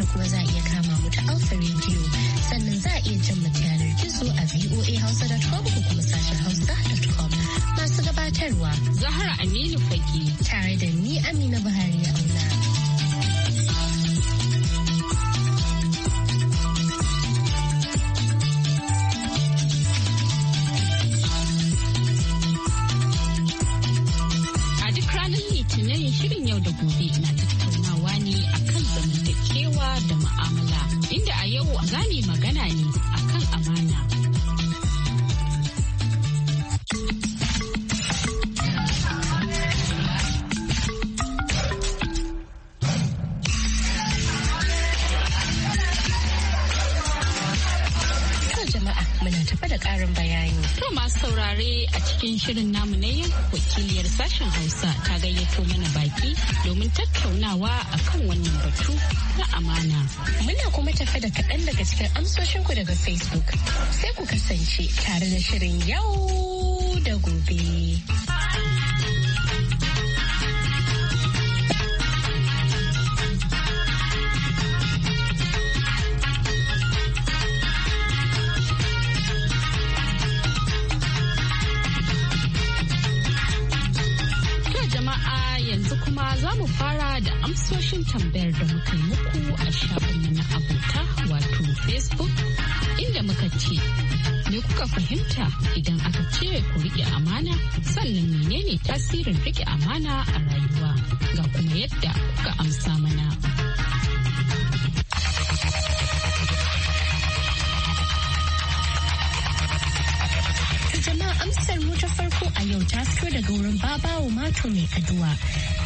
Ghana kuma za a iya kama mu ta Alpha Radio. Sannan za a iya jin mu ta yanar gizo a voahausa.com ko kuma sashen hausa.com. Masu gabatarwa Zahra Aminu Fage. Tare da ni Amina Buhari a tare a cikin shirin namu na yau wakiliyar sashen Hausa ta gayyato mana baki domin tattaunawa akan wannan batu na amana. Muna kuma tafe da kaɗan daga cikin amsoshinku daga Facebook. Sai ku kasance tare da shirin yau da gobe. mu fara da amsoshin tambayar da muka yi muku a shafinmu na abota wato Facebook inda muka ce me kuka fahimta idan aka ce ku riƙe amana sannan menene tasirin riƙe amana a rayuwa ga kuma yadda kuka amsa mana. amsar mu ta farko a yau ta fito daga wurin babawo mato mai aduwa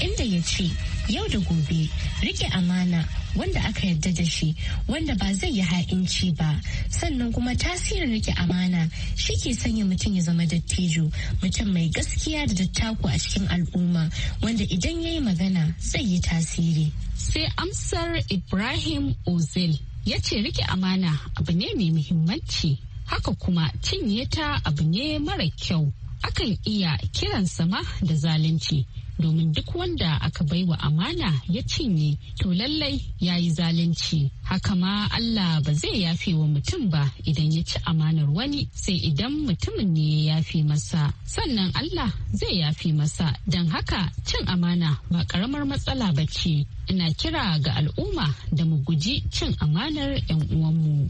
inda ya ce yau da gobe rike amana wanda aka yarda da shi wanda ba zai yi ha'inci ba sannan kuma tasirin rike amana shi ke sanya mutum ya zama dattijo mutum mai gaskiya da dattako a cikin al'umma wanda idan ya yi magana zai yi tasiri sai amsar ibrahim ozil ya ce rike amana abu ne mai muhimmanci haka kuma cinye ta abu ne mara kyau akan iya kiran sama da zalunci domin duk wanda aka baiwa amana ya cinye to lallai ya yi zalunci haka ma Allah ba zai yafe wa mutum ba idan ya ci amanar wani sai idan mutumin ne ya yafe masa sannan Allah zai yafe masa don haka cin amana ba karamar matsala ba ce ina kira ga al'umma da mu guji cin amanar 'yan uwanmu.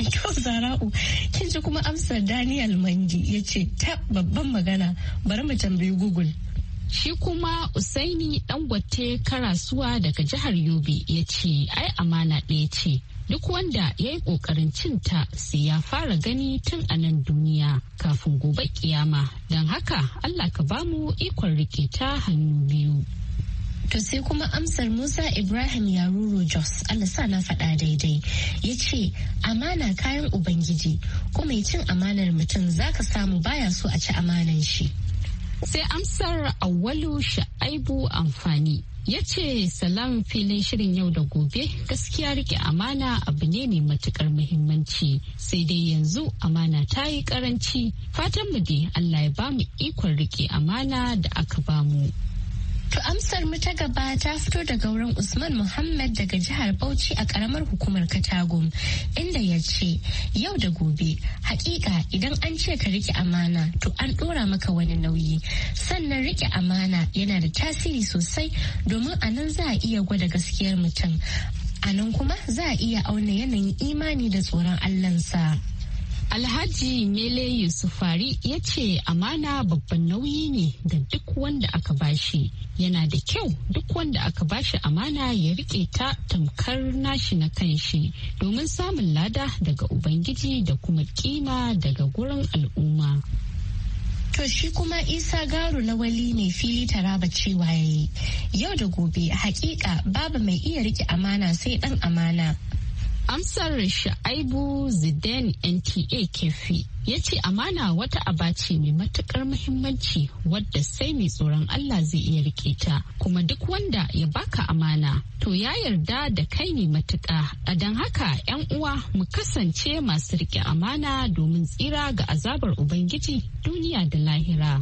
Zara'u, kin ji kuma amsar Daniel Mangi ya ce ta babban magana bari mu tambayi Google. Shi kuma Usaini Dangote Karasuwa daga jihar Yobe ya ce ai amana ɗaya ce. Duk wanda ya yi ƙoƙarin cinta sai ya fara gani tun a nan duniya kafin gobe kiyama. Don haka Allah ka bamu ikon rike ta hannu biyu. To sai kuma amsar Musa Ibrahim Yaruro Jos Allah sa na faɗa daidai ya ce amana kayan Ubangiji kuma cin amanar mutum zaka samu baya so a ci amanan shi. Sai amsar Auwalu Sha'aibu amfani ya ce salam filin shirin yau da gobe gaskiya rike amana abu ne mai matukar muhimmanci sai dai yanzu amana ta yi karanci fatan mu dai Allah ya bamu ikon rike amana da aka bamu. To amsar mu ta gaba ta fito daga wurin Usman Muhammad daga jihar Bauchi a karamar hukumar Katago. inda ya ce yau da gobe hakika idan an ce ka rike amana to an dora maka wani nauyi sannan rike amana yana da tasiri sosai domin a nan za a iya gwada gaskiyar mutum a nan kuma za a iya auna yanayin imani da tsoron Allahnsa. Alhaji Mele Yusufari ya ce amana babban nauyi ne ga duk wanda aka bashi. Yana da kyau duk wanda aka bashi amana ya rike ta tamkar nashi na kanshi domin samun lada daga Ubangiji da kuma kima daga gurin al'umma. To shi kuma Isa Garu na wali ne fili taraba cewa yayi. Yau da gobe hakika babu mai iya rike amana sai dan amana. Amsar Sha'aibu Zidane NTA Kefi ya ce amana wata abaci mai matukar muhimmanci wadda sai mai tsoron Allah zai iya rike ta kuma duk wanda ya baka amana to ya yarda da kai ne matuka a don haka 'yan uwa mu kasance masu rike amana domin tsira ga azabar Ubangiji duniya da lahira.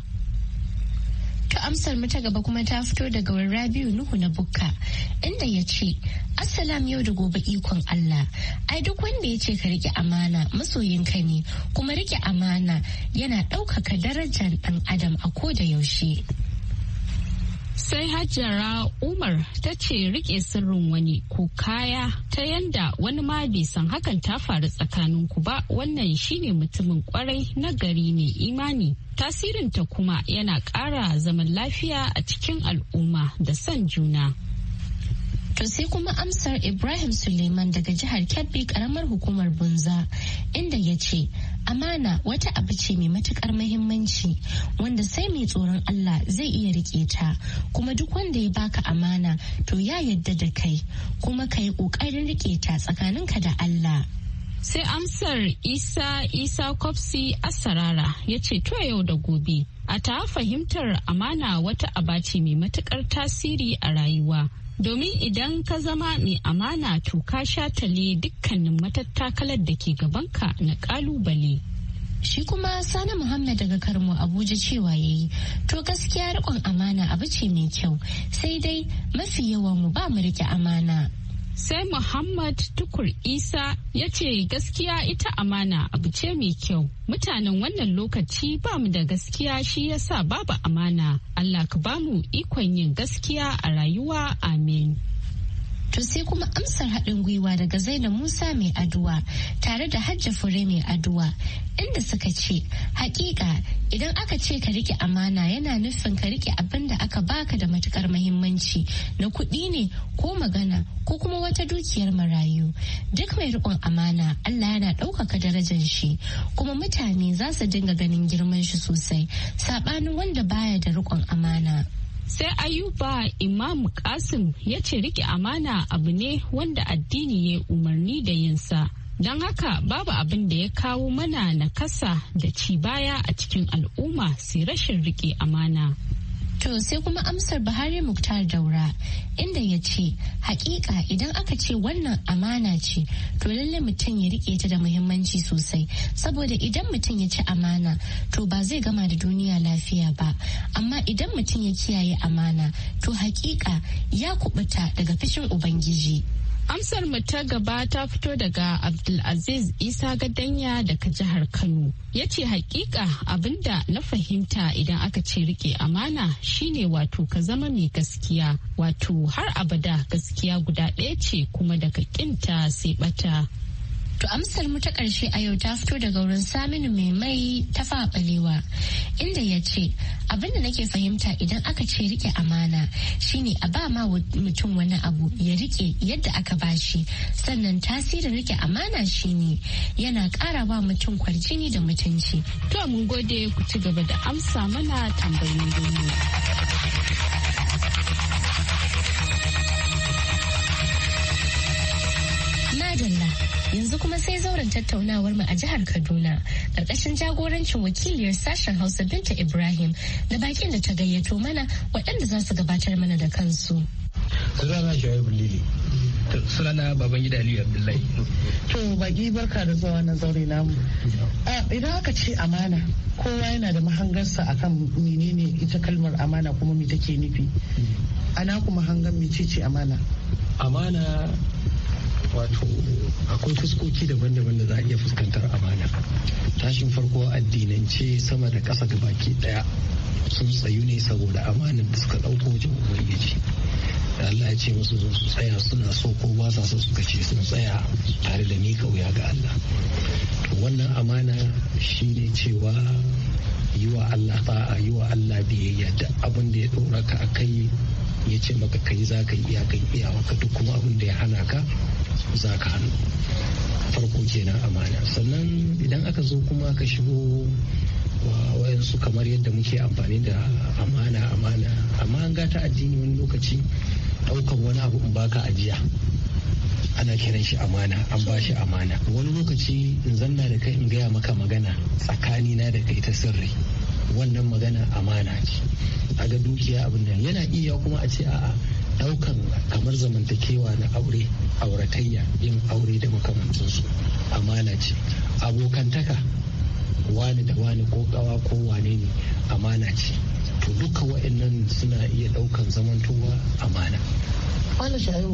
To amsar mu ta gaba kuma ta fito daga Rabiu Nuhu na Bukka inda ya ce Assalam yau da gobe ikon Allah. Ai duk wanda ya ce ka rike amana masoyin ka ne kuma rike amana yana ɗaukaka darajar ɗan adam a ko da yaushe. sai hajjara umar ta ce rike sirrin wani ko kaya ta yanda wani ma bai san hakan ta faru tsakanin ku ba wannan shine mutumin kwarai na gari ne imani tasirin ta kuma yana ƙara zaman lafiya a cikin al'umma da san juna To sai kuma amsar Ibrahim Suleiman daga jihar Kebbi karamar hukumar Bunza inda ya ce amana wata abu ce mai matukar mahimmanci wanda sai mai tsoron Allah zai iya rike ta kuma duk wanda ya baka amana to ya yadda da kai kuma ka yi ƙoƙarin rike ta tsakaninka da Allah. Sai amsar Isa Isa Kofsi Asarara ya ce to yau da gobe. A ta fahimtar amana wata abaci mai matukar tasiri a rayuwa domin idan ka zama mai amana to ka shatale dukkanin matattakalar da ke gabanka na kalubale. Shi kuma Sani Muhammad daga Karmo Abuja cewa ya yi, to gaskiya riƙon amana abu ce mai kyau, sai dai mafi yawan mu ba mu riƙe amana. sai muhammad tukur isa ya ce gaskiya ita amana abu ce mai kyau mutanen wannan lokaci ba mu da gaskiya shi yasa babu amana allah ka bamu ikon yin gaskiya a rayuwa amin To sai kuma amsar haɗin gwiwa daga Zainab Musa mai aduwa tare da Hajja Fure mai aduwa inda suka ce hakika idan aka ce ka rike amana yana nufin ka rike abin da aka baka da matukar mahimmanci na kuɗi ne ko magana ko kuma wata dukiyar marayu duk mai riƙon amana Allah yana ɗaukaka darajar shi kuma mutane za su dinga ganin girman shi sosai saɓanin wanda baya da riƙon amana. sai ayuba imam kasim ya ce rike amana abu ne wanda addini ya umarni da yinsa don haka babu abin da ya kawo mana na kasa da ci baya a cikin al'umma sai rashin rike amana To sai kuma amsar Buhari Muktar Daura inda ya ce hakika idan aka ce wannan amana ce to lalle mutum ya rike ta da muhimmanci sosai saboda idan mutum ya ci amana to ba zai gama da duniya lafiya ba amma idan mutum ya kiyaye amana to hakika ya kubuta daga fishin ubangiji. Amsar mu ta gaba ta fito daga Abdulaziz Isa Gadanya daga jihar Kano. Ya ce hakika abinda na fahimta idan aka ce rike amana shine wato ka zama mai gaskiya wato har abada gaskiya guda ɗaya ce kuma daga kinta sai bata. To amsar mu ta ƙarshe a yau ta fito daga wurin Saminu mai mai ta faɓalewa inda ya ce abin da nake fahimta idan aka ce rike amana shine a ba ma mutum wani abu ya rike yadda aka bashi sannan tasirin rike amana shine yana ƙara wa mutum kwarjini da mutunci. To mun gode ku ci gaba da amsa mana tambayoyin kuma sai zauren tattaunawar mu a jihar Kaduna karkashin jagorancin wakiliyar sashen Hausa Binta Ibrahim da bakin da ta gayyato mana waɗanda za su gabatar mana da kansu. Sunana Shaibu Lili. Sunana Babangida Aliyu Abdullahi. To baki barka da zuwa na zaure namu. Idan aka ce amana kowa yana da mahangarsa akan menene ita kalmar amana kuma me take nufi. Ana kuma hangar mecece amana. Amana wato akwai fuskoki daban-daban da za a iya fuskantar amana tashin farko addinance sama da ƙasa ga baki ɗaya sun tsayu ne saboda amanar da suka ɗauko wajen ubangiji da Allah ya ce musu su tsaya suna so ko ba sa so suka ce sun tsaya tare da mika wuya ga Allah to wannan amana shi ne cewa yi wa Allah ta'a yi wa Allah biyayya da abin da ya ɗora ka a kai ya ce maka kai za ka yi iyakan iyawa ka duk kuma abin da ya hana ka za ka hannu farko kenan amana sannan idan aka zo kuma ka shigo wayansu kamar yadda muke amfani da amana amana amma an gata addini wani lokaci daukan wani abu in baka ajiya ana kiran shi amana an ba shi amana wani lokaci in zanna da kai in gaya maka magana tsakani na da kai ta sirri wannan magana amana ce a ga dukiya abin nan yana iya kuma a ce a'a daukan kamar zamantakewa na aure auratayya yin aure da makamantansu amana ce abokantaka wani da wani ko kawa ko wane ne amana ce to duka wa'annan suna iya daukan zamantowa amana wani shayo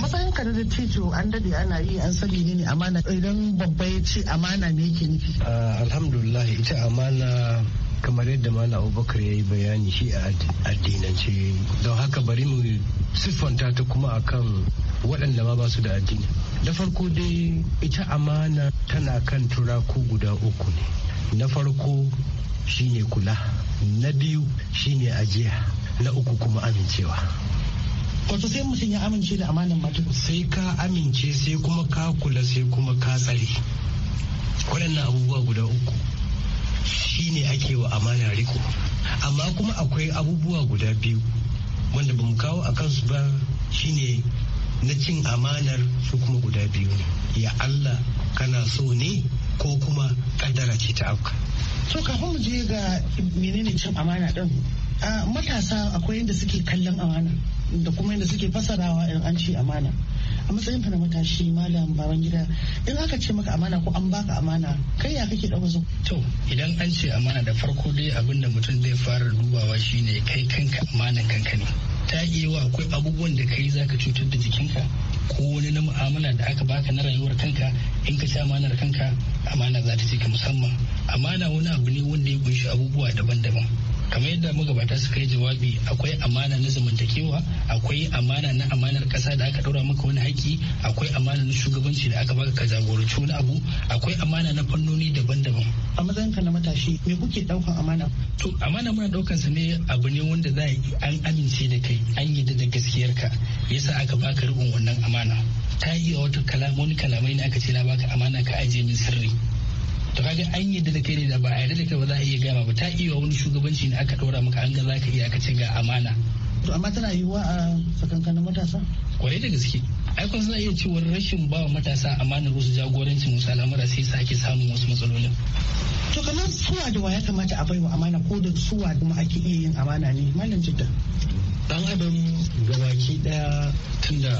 matsayin ka da tijo an dade ana yi an sani ne amana idan babba ya ce amana me yake nufi ah, alhamdulillah ita amana kamar yadda malam abubakar ya yi bayani shi a addinance don haka bari mu siffanta ta kuma akan waɗanda ma ba su da addini na farko dai ita amana tana kan turaku guda uku ne na farko shine kula na biyu shine ajiya na uku kuma amincewa wato sai mutum ya amince da amanin mata sai ka amince sai kuma ka kula sai kuma ka tsare waɗannan abubuwa guda uku shi ne ake wa amana riko amma kuma akwai abubuwa guda biyu wanda ba kawo a kansu ba shi ne na cin amanar su kuma guda biyu ne ya Allah kana so ne ko kuma kaddara ce ta auka to kafin mu je ga menene cin amana din matasa akwai yadda suke kallon amana da kuma yadda suke fasarawa in an ce amana a matsayin na matashi malam baban gida in aka ce maka amana ko an baka amana kai ya kake dawo zo to idan an ce amana da farko dai abin da mutum zai fara dubawa shine kai kanka amanan kanka ne ta iya akwai abubuwan da kai zaka cutar da jikinka ko wani na mu'amala da aka baka na rayuwar kanka in ka ci amanar kanka amana za ta ka musamman amana wani abu ne wanda ya kunshi abubuwa daban-daban kamar yadda magabata suka yi jawabi akwai amana na zamantakewa akwai amana na amanar kasa da aka daura maka wani haƙƙi akwai amana na shugabanci da aka baka ka jagoranci wani abu akwai amana na fannoni daban-daban a ka na matashi me kuke daukan amana to amana muna daukan sa ne abu ne wanda za an amince da kai an yi da gaskiyar ka yasa aka baka rubun wannan amana ta yi wata kalamoni kalamai ne aka ce na baka amana ka ajiye min sirri to kaga an yadda da kai ne da ba a yarda da kai ba za a iya gama ba ta iya wani shugabanci ne aka ɗora maka an ga za ka iya ka ce ga amana to amma tana yiwuwa a tsakankanin matasa kwarai da gaske ai kun suna iya cewa rashin bawa matasa amanar wasu jagorancin wasu al'amura sai sa ake samun wasu matsalolin to kamar suwa da wa ya kamata a baiwa amana ko da suwa kuma ake iya yin amana ne malam jidda dan adam gabaki daya tunda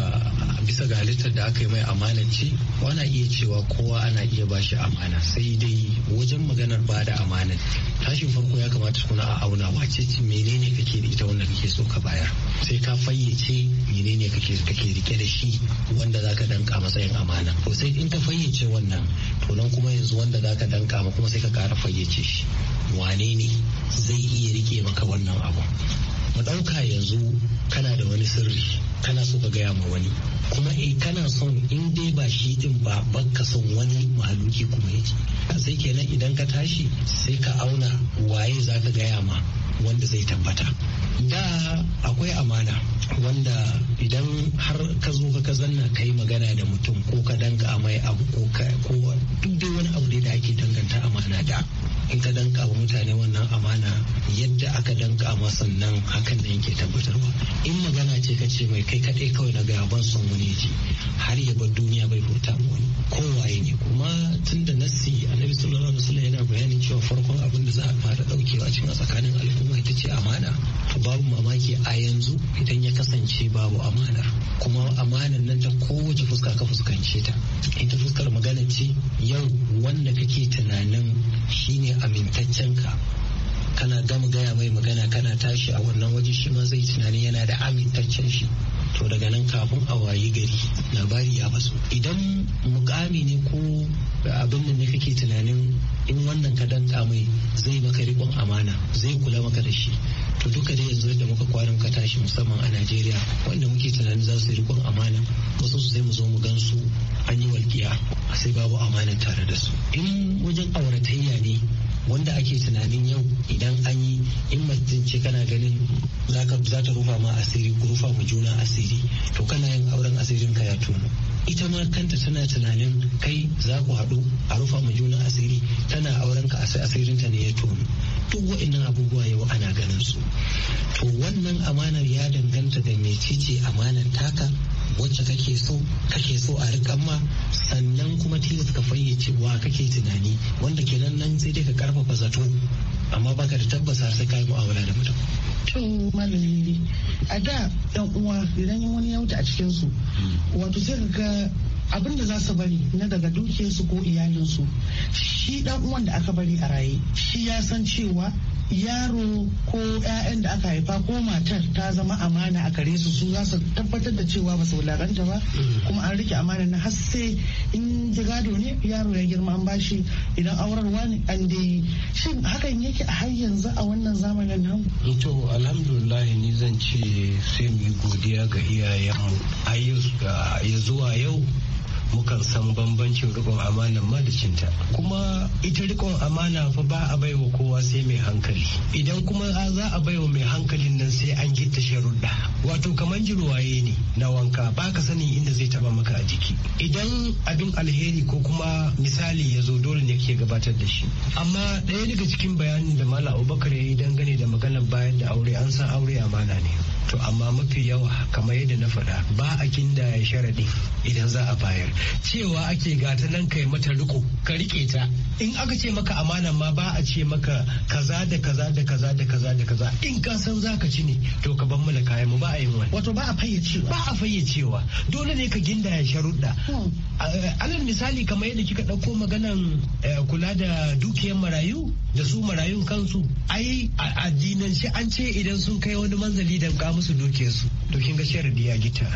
bisa ga halittar da aka yi mai ce ana iya cewa kowa ana iya ba shi amana sai dai wajen maganar ba da amana tashin farko ya kamata kuna a auna wace ce menene kake da ita wanda kake so ka bayar sai ka fayyace menene kake kake rike da shi wanda zaka danka matsayin amana to sai in ka fayyace wannan to nan kuma yanzu wanda zaka danka kuma sai ka kara fayyace shi wane ne zai iya rike maka wannan abu ka ɗauka yanzu kana da wani sirri kana so ka gaya ma wani kuma eh kana son in dai ba shi din ba baka son wani mahaluki kuma yake sai kenan idan ka tashi sai ka auna waye za ka gaya ma wanda zai tabbata da akwai amana wanda idan har ka zo ka zanna ka yi magana da mutum ko ka danga mai abu ko in ka danka wa mutane wannan amana yadda aka danka ma sannan hakan ne yake tabbatarwa in magana ce ka ce mai kai kaɗai kawai na gaya ban son wani ji har ya bar duniya bai furta wani kowaye ne kuma tun da nassi annabi sallallahu alaihi wasallam yana bayanin cewa farkon abin da za a fara daukewa cikin tsakanin al'umma ita ce amana to babu mamaki a yanzu idan ya kasance babu amanar kuma amanar nan ta kowace fuska ka fuskance ta ita fuskar magana ce yau wanda kake tunanin shine amintaccen ka kana gama gaya mai magana kana tashi a wannan waje shi ma zai tunanin yana da amintaccen shi to daga nan kafin a wayi gari labari ya basu idan mukami ne ko abin da ne kake tunanin in wannan ka danka mai zai maka rikon amana zai kula maka da shi to duka da yanzu da muka kwarin ka tashi musamman a najeriya wanda muke tunanin za su rikon amana wasu su sai mu zo mu gan su an yi walƙiya sai babu amanin tare da su in wajen auratayya ne wanda ake tunanin yau idan an yi in mace kana ganin za ta rufa ma asiri ku rufa ma juna asiri to kana yin auren asirin ka ya tono ita ma kanta tana tunanin kai za ku haɗu a rufa ma juna asiri tana auren ka asirin ta ne ya tono duk wa'annan abubuwa yau ana ganin su to wannan amanar ya danganta da mecece amanar taka wacce kake so kake so a rikamma sannan kuma tilas ka fayyace wa kake tunani wanda kenan nan sai dai ka karfafa zato amma baka da tabbasa ka sai kai mu'amala da mutum to malami a da yan uwa idan wani ya wuce a cikin su wato sai ga abin da za su bari na daga dukiyarsu ko iyalinsu shi dan uwan da aka bari a raye shi ya san cewa yaro ko 'ya'yan da aka haifa ko matar ta zama amana a gare su su za su tabbatar da cewa ba su wulakanta ba mm. kuma an rike amana na har sai in gado ne yaro ya girma an bashi idan aurarwa ne an dai shin hakan yake a har yanzu a wannan zamanin nan to alhamdulillah ni zan ce sai mu godiya ga iyayenmu ayyuka ya zuwa yau mukan san bambancin rikon amana ma da cinta kuma ita rikon amana fa ba a baiwa kowa sai mai hankali idan kuma za a baiwa mai hankalin nan sai an gitta sharuɗa wato kamar jirwaye ne na wanka ba ka sani inda zai taba maka a jiki idan abin alheri ko kuma misali ya zo dole ne ke gabatar da shi amma ɗaya daga cikin bayanin da mala abubakar ya yi dangane da maganar bayan da aure an san aure amana ne to amma mafi yawa kamar yadda na faɗa ba a kinda ya sharaɗi idan za a bayar cewa ake gata nan kai mata riko ka rike ta in aka ce maka amana ma ba a ce maka kaza da kaza da kaza da kaza da kaza in ka san zaka ci ne to ka bar mana kayan mu ba a yin wani wato ba a fayyacewa ba a fayyacewa dole ne ka ginda ya sharuɗa hmm. eh, alal misali kamar yadda kika ɗauko maganan eh, kula da dukiyar marayu da su marayun kansu ai a addinan shi an ce idan sun kai wani manzali da ka musu dukiyarsu to kin ga sharadi ya gita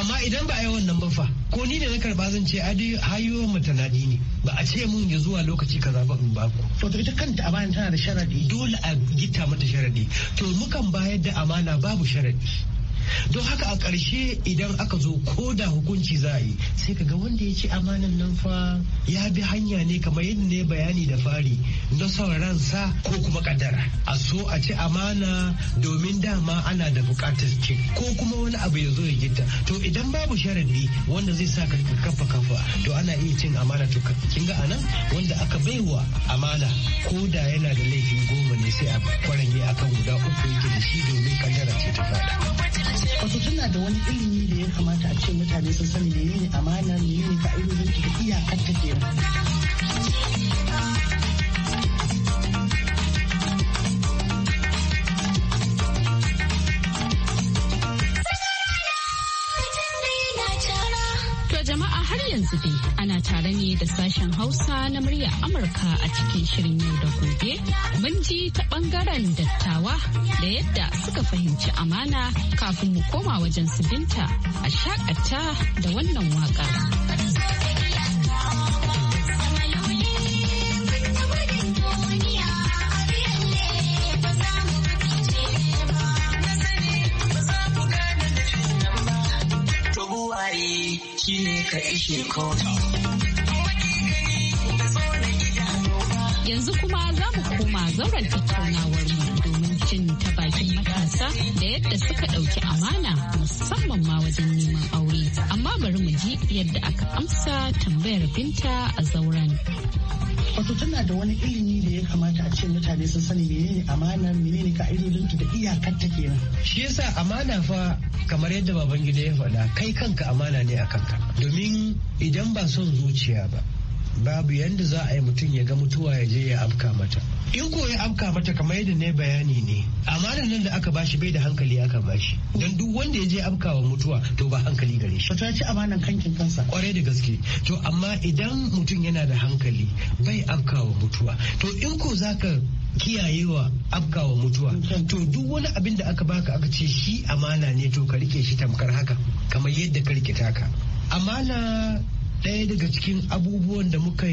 amma idan ba a yi wannan ba fa ko ni da na karba zan ce adi hayo matanadi ne ba a ce mun ya zuwa lokaci kaza ba in baku to ita kanta a bayan tana da sharadi dole a gita mata sharadi to mukan bayar da amana babu sharadi don haka a ƙarshe idan aka zo ko da hukunci za a yi sai ka ga wanda ya ci amanan nan fa ya bi hanya ne kamar yadda ne bayani da fari na son ransa ko kuma kaddara a so a ci amana domin dama ana da bukatar ce ko kuma wani abu ya zo ya gita to idan babu sharadi wanda zai sa ka kafa kafa to ana iya cin amana to kin ga anan wanda aka baiwa amana ko da yana da laifi goma ne sai a kwaranye akan guda uku yake da shi domin kaddara ce ta fada. wato tana da wani ilimi da ya kamata a ce mutane sun sani da yi amana ne ne ka'idodin da iyakar ta kenan ana tare ne da sashen Hausa na murya Amurka a cikin shirin yau da gobe. Mun ji ta bangaren dattawa da yadda suka fahimci amana kafin mu koma wajen su binta a shakata da wannan waka. yanzu kuma za mu koma zauren tattaunawar mu domin jin ta bakin matasa da yadda suka ɗauki amana musamman ma wajen neman aure amma bari mu ji yadda aka amsa tambayar binta a zauren. wato tana da wani ilimi da ya kamata a ce mutane sun sani menene amana menene ka'idodinta da iyakar ta kenan shi yasa amana fa kamar yadda babangida ya faɗa kai kanka amana ne a kanka domin idan ba son zuciya ba babu yadda za a yi mutum ya ga mutuwa ya je ya afka mata in ko ya afka mata kamar yadda ne bayani ne amanar nan da aka bashi bai da hankali aka bashi don duk wanda ya je afka wa mutuwa to ba hankali gare shi ta ci kankin kansa kwarai da gaske to amma idan mutum yana da hankali bai afka wa mutuwa to in ko zaka kiyayewa afkawa mutuwa to duk wani abin da aka baka aka ce shi amana ne to ka rike shi tamkar haka kamar yadda ka rike taka amana ɗaya daga cikin abubuwan da muka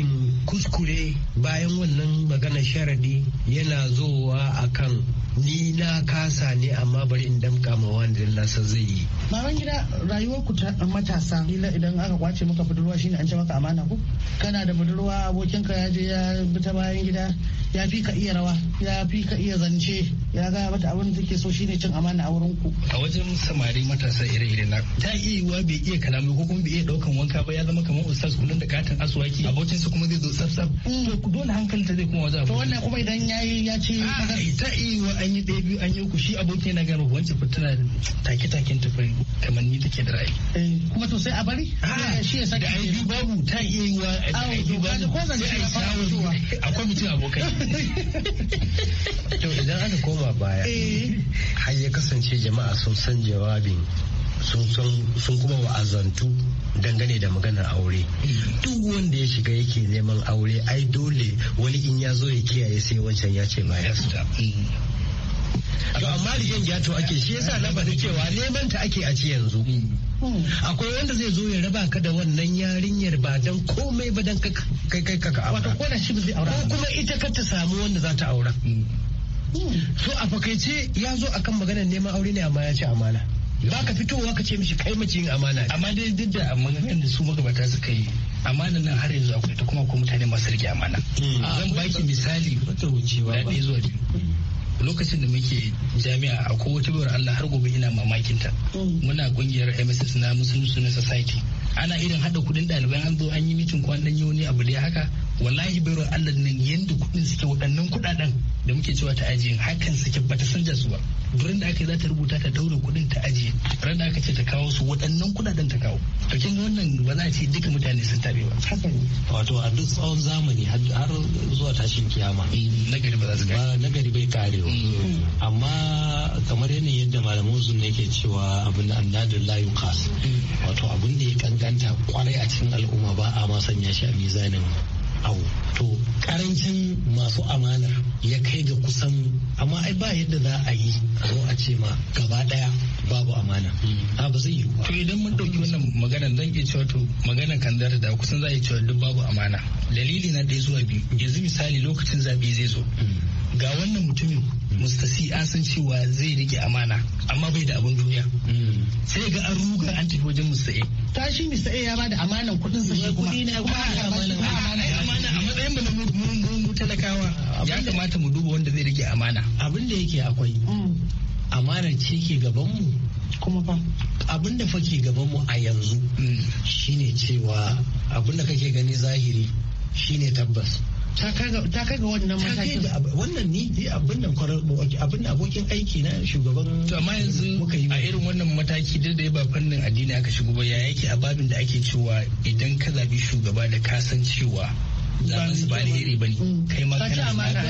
kuskure bayan wannan magana sharadi yana zowa akan ni na kasa ne amma bari in damka ma wanda na nasa zai yi. Baban gida rayuwar ku ta matasa Ila idan aka kwace maka budurwa shine an ce maka amana ko kana da budurwa abokinka ya je ya bi ta bayan gida ya fi ka iya rawa ya fi ka iya zance ya gaya mata abin da take so shine cin amana a wurin ku a wajen samari matasa ire-ire na ta iya yiwuwa bai iya kalamu ko kuma bai iya daukan wanka ba ya zama kamar ustaz kullun da katin aswaki abokin sa kuma zai zo tsaf tsaf to dole hankalinta zai kuma wajen to wannan kuma idan yayi ya ce ta iya yiwuwa an yi ɗaya biyu an yi uku shi abokin na gano wancan fitina take taken ta fari kamar ni take da ra'ayi eh, kuma to sai a bari ah, shi ya saki da ai babu ta iya yiwuwa a ai babu ko zan ce akwai mutum abokai aka koma baya eh. har ya kasance jama'a sun san jawabin sun kuma wa'azantu dangane da maganar aure eh. duk wanda ya shiga yake neman aure ai dole wani in ya zo ya kiyaye sai wancan ya ce ma yasta eh. to amma rigen gyato ake shi yasa na bada cewa neman ta ake a ci yanzu hmm. akwai wanda zai zo ya raba ka da wannan yarinyar ba dan komai ba dan kai kai ka aura wato ko da shi ba zai aura ko kuma ita ka ta samu wanda za ta aura hmm. so a fakaice ya zo akan maganar neman aure ne amma ya ci amana ba ka fitowa ka ce mishi kai yin amana amma dai duk da maganar da su magabata suka yi amana nan har yanzu akwai ta kuma ko mutane masu rike amana hmm. zan baki misali wata wucewa ba zuwa lokacin da muke jami'a a kowace bayar Allah har gobe ina mamakin ta hmm. muna kungiyar MSS na Muslim Student Society ana irin hada kudin ɗaliban an zo an yi mitin kwanan an dan yi wani abu da haka wallahi ruwan Allah nan yanda kuɗin suke waɗannan kuɗaɗen da muke cewa ta ajiye hakan suke ba ta san su ba durin da aka yi za ta rubuta ta daure kuɗin ta ajiye ran da aka ce ta kawo su waɗannan kuɗaɗen ta kawo to kin wannan ba za a ce duka mutane sun tabe ba wato a duk tsawon zamani har zuwa tashin kiyama eh, nagari ba za su ba nagari bai karewa mm. amma kamar yanayin yadda malamin uzun ne ke cewa abin annadun layu kas mm. wato abin da ya kankanta kwarai a cikin al'umma ba a ma sanya shi a mizanin awo to karancin masu amana ya kai ga kusan amma ai ba yadda za a yi a zo a ce ma gaba daya babu amana hmm. a ba zai yi to idan mun dauki wannan maganar zan iya cewa to maganar kan da kusan za a yi cewa duk babu amana dalili na ɗaya zuwa biyu yanzu misali lokacin zaɓe zai zo hmm. ga wannan mutumin mustasi hmm. an san cewa zai rike amana amma bai da abin duniya sai ga an ruga an tafi wajen musta'i kaga shi Mr. A ya ba da amanan kuɗin sa shi kuma. Kuɗi ne kuma amana a matsayin mu mu talakawa ya kamata mu duba wanda zai rike amana. Abin da yake akwai mm. amanar ce ke gaban mu kuma fa abin da fa ke gaban mu a yanzu mm. shine cewa abin da kake gani zahiri shine tabbas. ta kai ga wannan matakin wannan ni dai abin nan abin da abokin aiki na shugaban to amma yanzu a irin wannan mataki da ba fannin addini aka shigo ba ya yake a babin da ake cewa idan ka zabi shugaba da ka san cewa zamansu ba alheri ba ne kai ma kana amana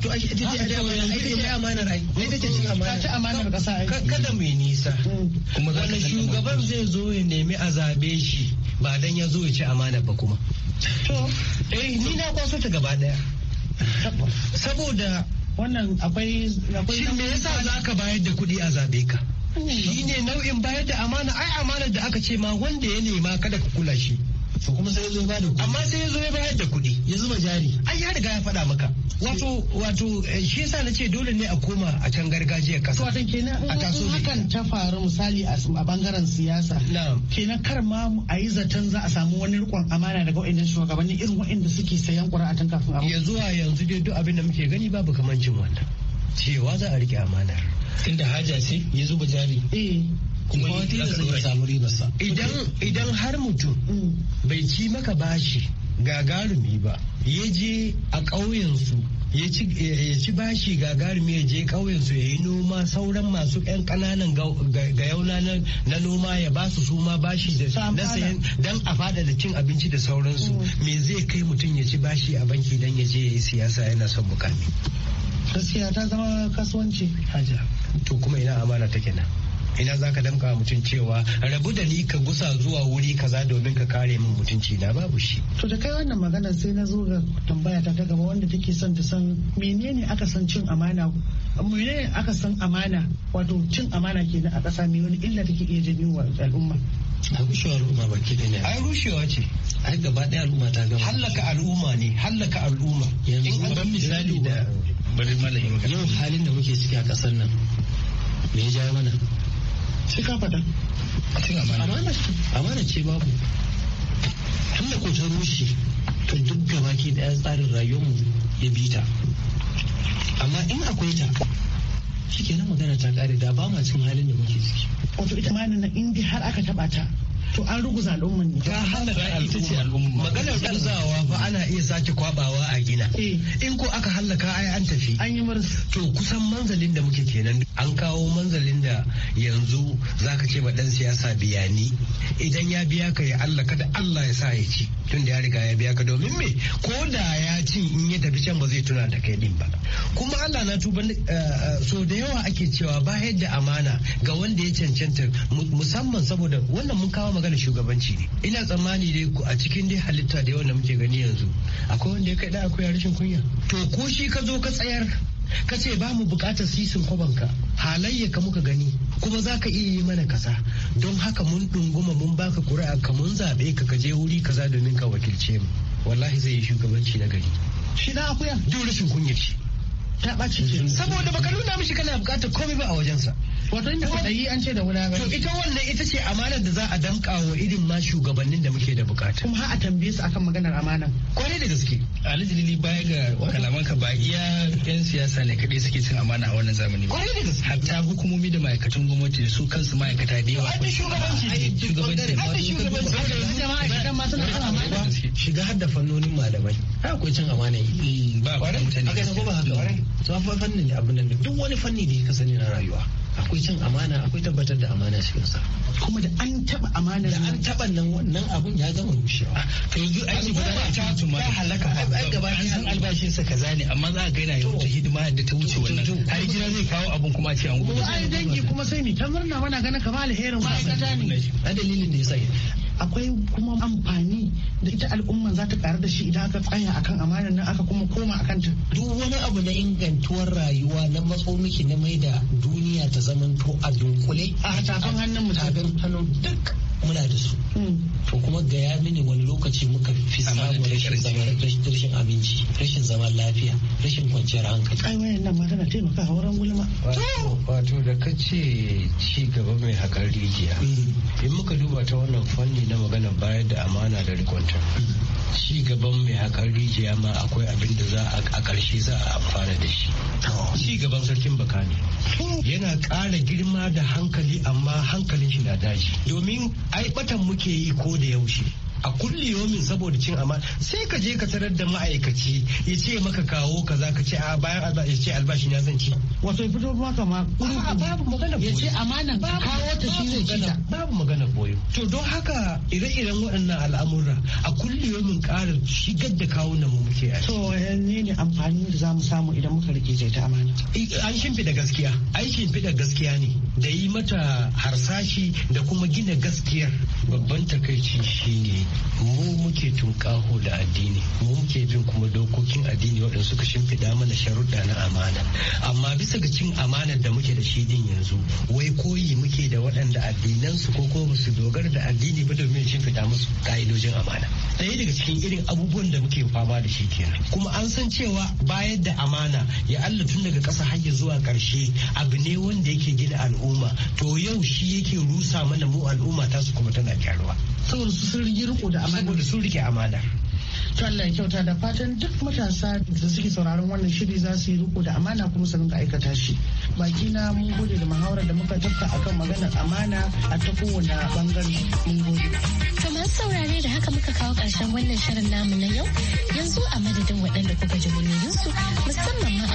to ai ita amana ai ita ce amana ta amanar kasa ai kada mai nisa kuma shugaban zai zo ya nemi a zabe shi ba dan ya zo ya ci amana ba kuma To, eh ni na kwaso ta gaba daya. Saboda wannan akwai akwai Shin me yasa zaka bayar da kuɗi a zabe ka? Shi ne nau'in bayar da amana ai amanar da aka ce ma wanda ya nema kada ka kula shi. to kuma sai yanzu ya bada kuɗi amma sai yanzu ya bayar da kuɗi ya zuba jari ai ya riga ya faɗa maka wato wato eh, shi yasa ce dole ne a koma a can gargajiyar kasa wato kenan a taso hakan ta faru misali a bangaren siyasa kenan kar ma a yi zaton za a samu wani rikon amana daga wa'annan shugabanni irin wa'anda suke sayan a tun kafin a yanzu a yanzu dai duk abin da muke gani babu kamancin wannan cewa za a rike amanar tunda haja ce ya zuba jari eh. kuma samu idan idan har mutum mm. bai ci maka bashi gagarumi ba ya je a ƙauyensu ya ci bashi gagarumi ya je ƙauyensu ya yi noma sauran masu 'yan ƙananan ga yauna na noma ya ba su suma bashi da na sayan don a fada da cin abinci da sauransu mm. me zai kai mutum ya ci bashi a banki don ya je ya yi siyasa yana son bukami gaskiya ta zama kasuwanci haja to kuma ina amana take nan ina za ka damka mutum cewa rabu da ni ka gusa zuwa wuri kaza domin ka kare min mutunci na babu shi. To da kai wannan magana sai na zo ga tambaya ta gaba wanda take son ta san menene aka san cin amana menene aka san amana wato cin amana kenan a ƙasa me wani illa take iya janyo wa al'umma. a rushewa al'umma ke da ne A rushewa ce ai gaba ɗaya al'umma ta gama hallaka al'umma ne hallaka al'umma yanzu ban misali da bari malamin yin halin da muke ciki a ƙasar nan me ya jawo mana sai ka faɗa amana amana ce babu tunda ko ta rushe to duk gaba ki daya tsarin rayuwarmu ya bi ta amma in akwai ta shikenan magana ta kare da ba ma cikin halin da muke ciki wato ita ma nan in har aka taba ta to an ruguza al'umman ne ta halaka ita ce al'umma maganar ruguzawa fa ana iya sake kwabawa a gina eh. in ko aka hallaka ai an tafi an yi to kusan manzalin da muke kenan an kawo manzalin da yanzu zaka ce ba dan siyasa biyani. idan ya biya ka ya Allah kada Allah ya sa ya ci tun da ya riga ya biya ka domin me ko da ya ci in ya tafi can ba zai tuna da kai din ba kuma Allah na tuba eh, eh, so da yawa ake cewa ba yadda amana ga wanda ya cancanta musamman saboda wannan mun kawo magana shugabanci ne ina tsammani dai a cikin dai halitta da yawa da muke gani yanzu yanzu akwai wanda ya kai da akwai rashin kunya to ko shi ka zo ka tsayar ka ce ba mu bukatar sisin kwabanka halayya ka muka gani kuma za ka iya yi mana kasa don haka mun dunguma mun baka kuri'a ka mun zaɓe ka kaje wuri kaza domin ka wakilce mu wallahi zai yi shugabanci na gari shi na akuya duk rashin kunya ce ta ɓaci saboda baka nuna mishi kana bukatar komai ba a wajensa wato inda kwaɗayi an ce da wulaƙanci to ita wannan ita ce amanar da za a damƙa wa irin ma shugabannin da muke da bukata kuma a tambaye su akan maganar amanar kwarai da gaske alhaji lili baya ga kalaman ka ba iya yan siyasa ne kadai suke cin amana a wannan zamani kwarai da gaske hatta hukumomi da ma'aikatan gwamnati da su kansu ma'aikata da yawa kuma shugabanci ne shugabanci ne shiga har da fannonin malamai har akwai cin amana hmm, ba kwarai mutane ba haka kwarai to fannin abin nan duk wani fanni da ya kasance na rayuwa akwai cin amana akwai tabbatar da amana cikin sa kuma da an taba amana da an taba nan wannan abun ya zama rushewa ah, to yanzu aiki ba ta tuma ma halaka ai gaba an san albashin sa kaza ne amma za ka ga yana wata hidima da ta wuce wannan har gida zai kawo abun kuma a ce an gudu ai dangi kuma sai ni ta murna mana ganin kamar alherin ma'aikata ne a dalilin da yasa akwai kuma amfani da ita al'umma za ta karu da shi idan aka tsaya akan amanar nan aka kuma koma akan ta duk wani abu na ingantuwar rayuwa na matso miki na mai da duniya ta to a dunkule a tafin hannun mu tafin hannun duk muna da su hmm. to kuma gaya mini wani lokaci muka fi samun rashin abinci rashin zaman lafiya rashin kwanciyar hankali ai wayan nan taimaka a wurin gulma wato da kace ci gaba mai haƙar rijiya hmm. in muka duba ta wannan fanni na magana bayar da amana da rikonta hmm. ci gaban mai hakar rijiya ma akwai abin da za a ƙarshe za a amfana da shi ci gaban sarkin baka ne yana ƙara girma da hankali amma hankalin shi na daji domin ai muke yi ko da yaushe a kulle yomin saboda cin amana sai ka je ka tarar da ma'aikaci ya ce maka kawo kaza ka ce a bayan ya ce albashin ya zan ci wato ya fito maka ma babu magana ya ce amana kawo ta shi zai cita. babu magana boye. to don haka ire-iren waɗannan al'amura a kulle yomin ƙarin shigar da na mu muke a to ne ne amfani da zamu samu idan muka rike zai ta amana an shimfiɗa gaskiya ai fiɗa gaskiya ne da yi mata harsashi da kuma gina gaskiyar babban takaici shine mu muke tunƙaho da addini mu muke bin kuma dokokin addini waɗanda suka shimfiɗa mana sharuɗa na amana amma bisa ga cin amanar da muke da shi din yanzu wai koyi muke da waɗanda addinansu ko kuma su dogara da addini ba domin shimfiɗa musu ka'idojin amana ɗaya daga cikin irin abubuwan da muke fama da shi kenan kuma an san cewa bayar da amana ya Allah tun daga ƙasa har zuwa ƙarshe abu ne wanda yake gina al'umma to yau shi yake rusa mana mu al'umma ta su kuma tana gyaruwa saboda su sun riko da amana saboda sun rike amana Allah kyauta da fatan duk matasa da suke sauraron wannan shiri za su yi riko da amana kuma su rinka aikata shi. Baki na mun gode da muhawarar da muka tafka akan maganar amana a ta kowane bangare mun gode. kamar saurare da haka muka kawo ƙarshen wannan shirin namu na yau yanzu a madadin waɗanda kuka ji muryoyinsu musamman ma